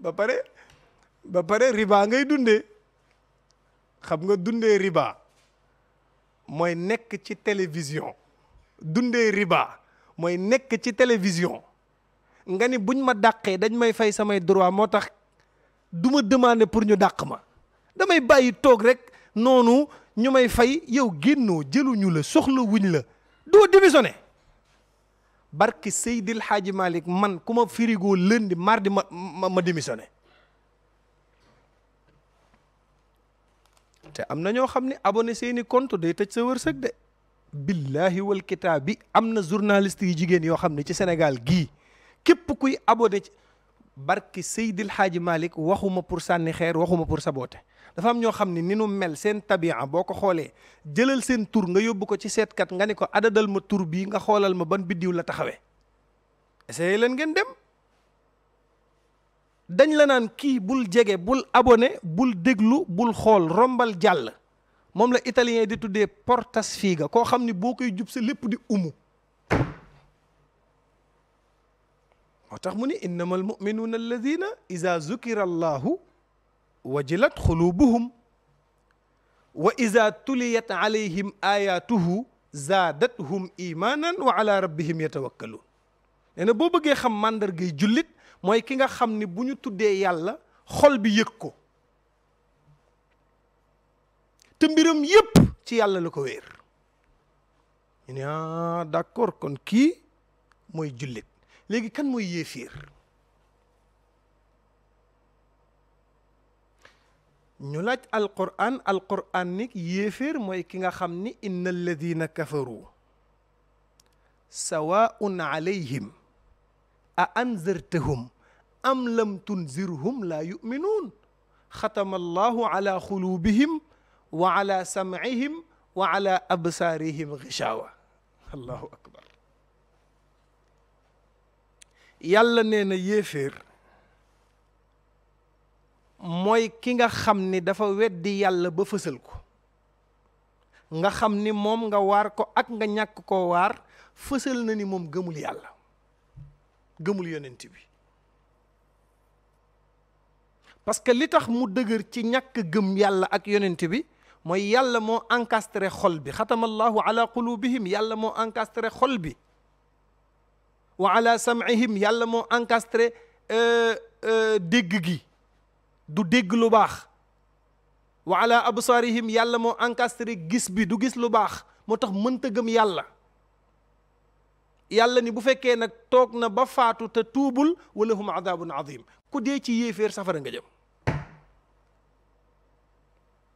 ba pare ba pare riba ngay dunde xam nga dundee riba mooy nekk ci télévision dundee riba mooy nekk ci télévision nga ni buñ ma dàqee dañ may fay samay droit moo tax duma ma demander pour ñu dàq ma damay bàyyi toog rek noonu ñu may fay yow génnoo jëluñu la soxla wuñ la doo démissionner barke Seydil Hadji Malick man ku ma firigoo lundi mardi ma ma ma démissionné te am na ñoo xam ne abonné seeni compte day tëj sa wërsëg de billahi wal bi am na journaliste yu jigéen yoo xam ne ci senegal gii képp kuy abonné barki Seydil Hadji Malick waxuma pour sànni xeer waxuma pour sa saboter dafa am ñoo xam ne ni nu mel seen tabian boo ko xoolee jëlal seen tur nga yóbbu ko ci seetkat nga ne ko adadal ma tur bii nga xoolal ma ban biddiw la taxawee essayé leen ngeen dem dañ la naan kii bul jege bul abone bul déglu bul xool rombal jàll moom la italien di tuddee portasfiga koo xam ni boo koy jub si lépp di umu moo tax mu ni innama almuminuuna alladina ida zukira allahu wajilat xulubuhum wa ida tuliyat ayatuhu zaadathum imanan wa rabbihim yatawakkaluun nee boo bëggee xam màndargay jullit mooy ki nga xam ni bu ñu tuddee yàlla xol bi yëg ko te yépp ci yàlla la ko wéer ñu ne ah d'accord kon kii mooy jullit léegi kan mooy yéefiir ñu laaj alquran alquran ni yéeféer mooy ki nga xam ni inna alladina kafaru sawaun alayhim a anzartahum am lam tunzirhum laa yuminuun xatama allahu ala xuluubihim wa ala samcihim wa ala absaarihim gishawa allahu akbar yàlla nee na yéeféer mooy ki nga xam ni dafa weddi yàlla ba fësal ko nga xam ni moom nga waar ko ak nga ñàkk koo waar fësal na ni moom gëmul yàlla gëmul yonent bi parce que li tax mu dëgër ci ñàkk gëm yàlla ak yonent bi mooy yàlla moo encastre xol bi xatamallahu ala qulubihim yàlla moo encastré xol bi wa ala sam'ihim yàlla moo encastré euh, euh, dégg gi du dégg lu baax wa ala absaarihim yàlla moo encastre gis bi du gis lu baax moo tax mënta gëm yàlla yàlla ni bu fekkee nag toog na ba faatu te tuubul wa lahum adabun azim ku dee ci yéeféer safara nga jëm